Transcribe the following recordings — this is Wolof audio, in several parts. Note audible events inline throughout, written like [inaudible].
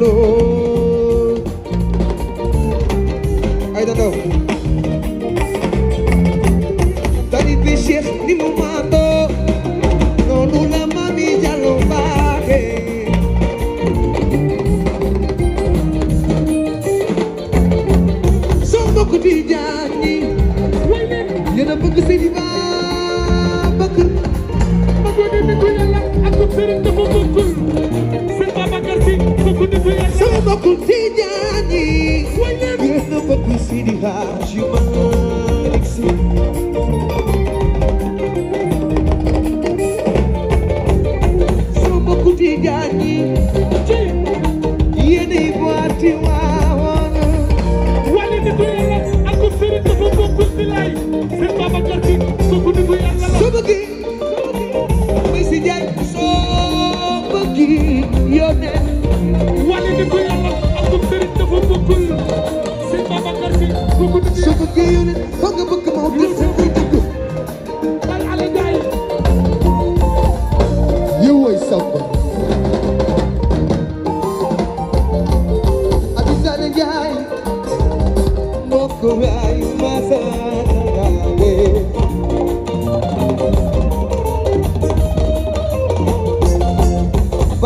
loolu ay da ndaw tari bi Cheikh mu maando noonu la Mami Diallo baaxe soo mbokk di jaan ñi yéen a bëgg seen baax bokkul si jaan yi. wala nga bokkul si di xaar.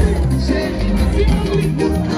Thank you.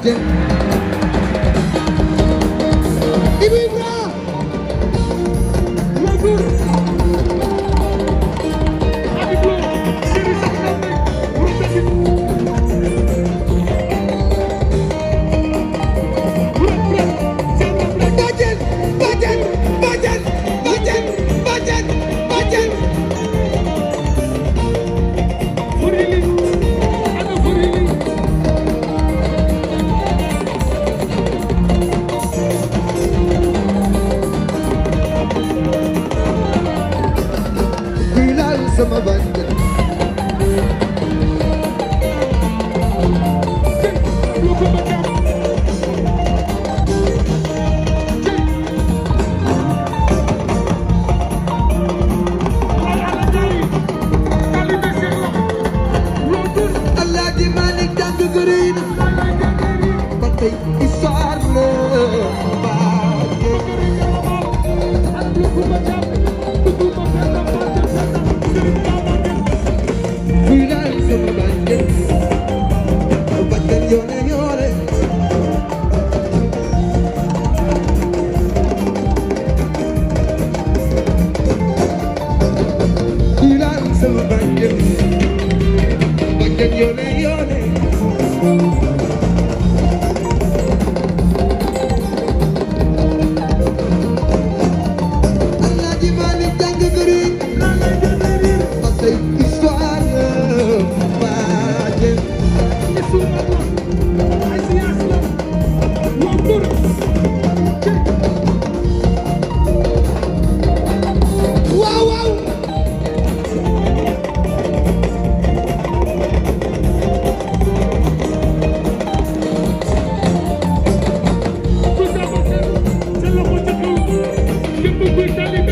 death. dëgg rëy na ba tey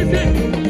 Mississippi.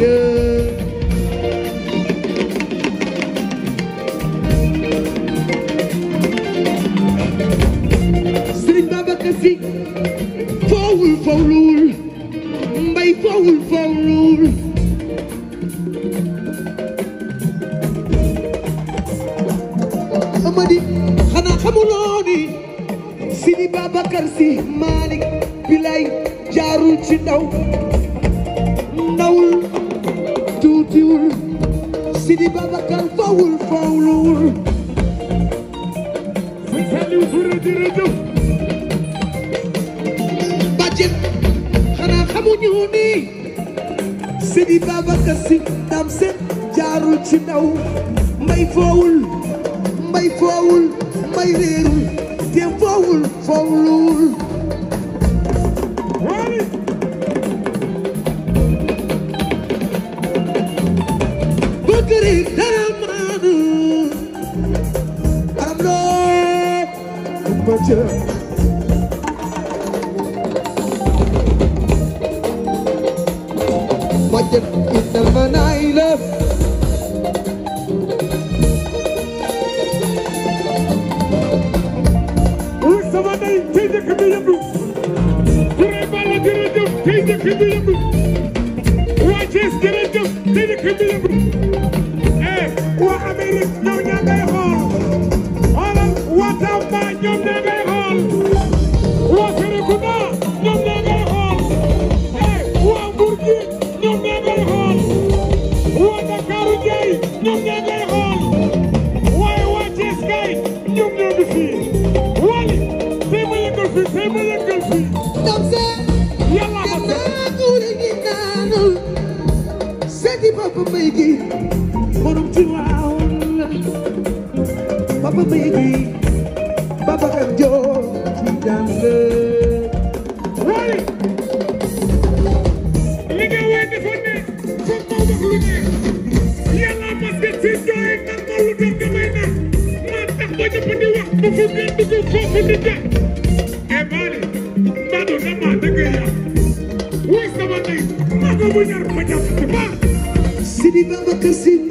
Amadi xanaa xamuloo ni Sidi Babacar Si Malick bilay jaarul ci ndaw ndawul tuutiwul Sidi Babacar fawul fawluwul Saliou Touré jërëjëf bàjjen xanaa xamuñu ni Sidi Babacar Si ndam seen jaarul ci ndaw mbay fawul mbay foowul mbay réerul jéem foowul foowul dëkk bi yëngu waa Thiès jërëjëf tey dëkk bi yëngu borom Tiwaawan papa béegi papa ka joo ci jànge waay li nga waay defoon ne foog moo wax lu ne yàlla mas nga si nga lu doon damay na maa tax ba di wax ba fu ngeen dugg di ja e eh, baali mbaa doon na maa dëgg ya waay sama ndey maa ko Sidi Babacar Sy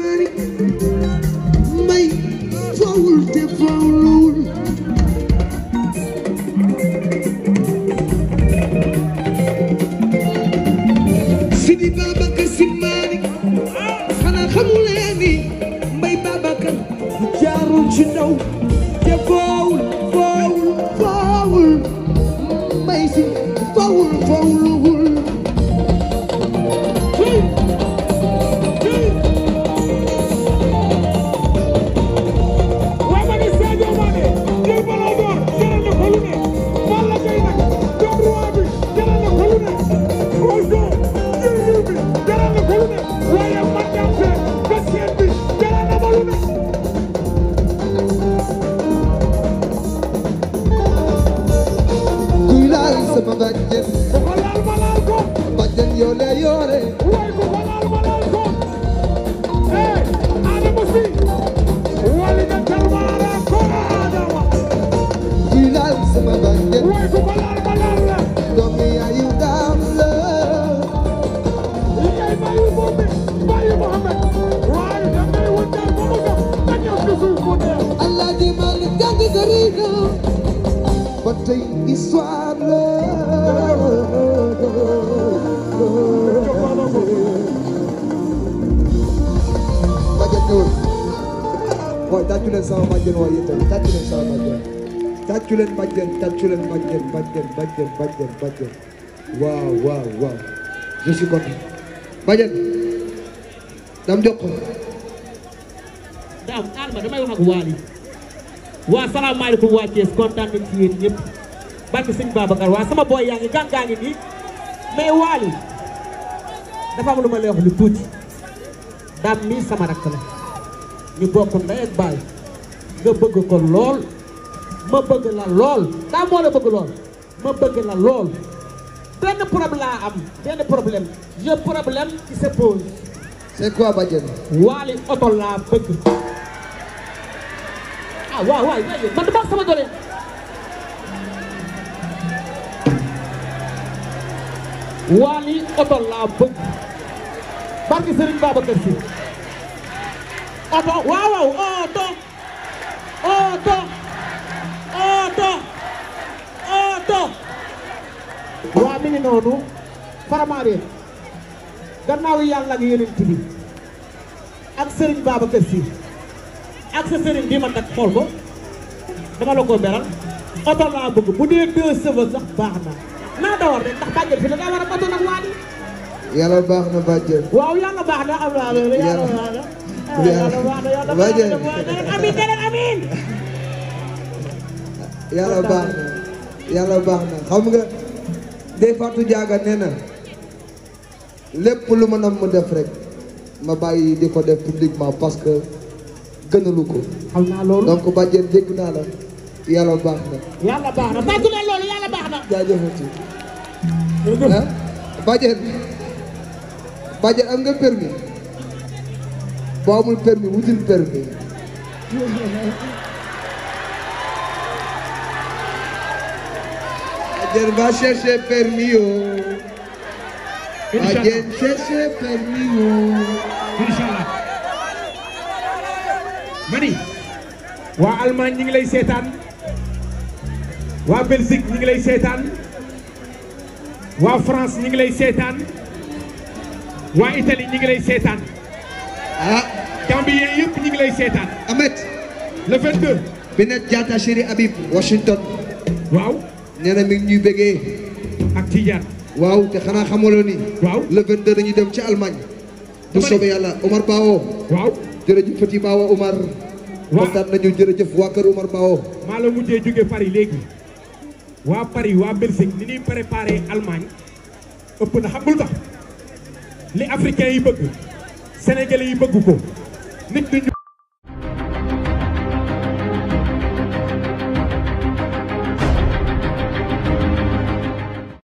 tàccu leen bàjjen tàccu leen bàjjen bàjjen bàjjen bàjjen waaw waaw waaw je suis content bajan dam jox ko daam xaar ma damay wax ak Waly waa salaamaaleykum waa Thiès kontaan nañ ci yéen ñëpp barke sëñ Babacar waa sama boy yaa ngi gàngaa ngi nii mais Waly dafa am lu ma lay lu tuuti daam mii sama rakk la ñu bokk ndey ak baay nga bëgg ko lool ma bëgg la lool daam moo la bëgg lool ma bëgg la lool benn problème am benn problème le problème qui se c'est quoi Badiane. Wally oto laa ah waaw waay man du ma sama doole. Wally oto laa bëgg. barki Serigne Babacar oto waaw oto oto. mi ngi noonu Faramareen gannaaw yàlla ak yeneen bi ak Serigne Babacar Sy ak sa Serigne bii ma nag xool ko dama la ko beral oto laa bëgg bu dee deux chevaux sax baax na naa dawal rek ndax bàjjen fi da ngaa war a oto nag waa ni yàlla baax na bàjjen waaw yàlla baax na am naa la yàlla baax na yàlla baax na amiin deneen amiin yàlla baax na yàlla baax na xam nga day Fatou Diaga nee na lépp lu ma nam mu def rek ma bàyyi di ko def publiquement parce que gënalu ko. xam naa donc bàjjen dégg naa baax na. yàlla baax na bàgg na loolu yàlla baax ah, am nga permis boo amul permis wutil permis. [laughs] Badiane va chercher permis oo. Mani. waa Allemagne ñu ngi lay seetaan. waa Belgique ñu ngi lay seetaan. waa France ñu ngi lay seetaan. waa Italie ñu ngi lay seetaan. ah. Gambien yëpp ñu ngi lay seetaan. Ahmed. Washington. waaw. nee na mi ngi ñuy bëggee. ak Tidiane. waaw te xanaa xamaloo ni. waaw le 22 dañuy dem ci Allemagne. bu soobee yàlla Omar Bawo. waaw jërëjëf Fati Bawo Omar. waaw kontaan nañu jërëjëf waa kër Omar Bawo. maa la mujjee jóge Paris léegi. waa Paris waa Belgique ni ñuy préparé Allemagne. ëpp na xamul tax li africain yi bëgg. sénégalais yi bëgg ko.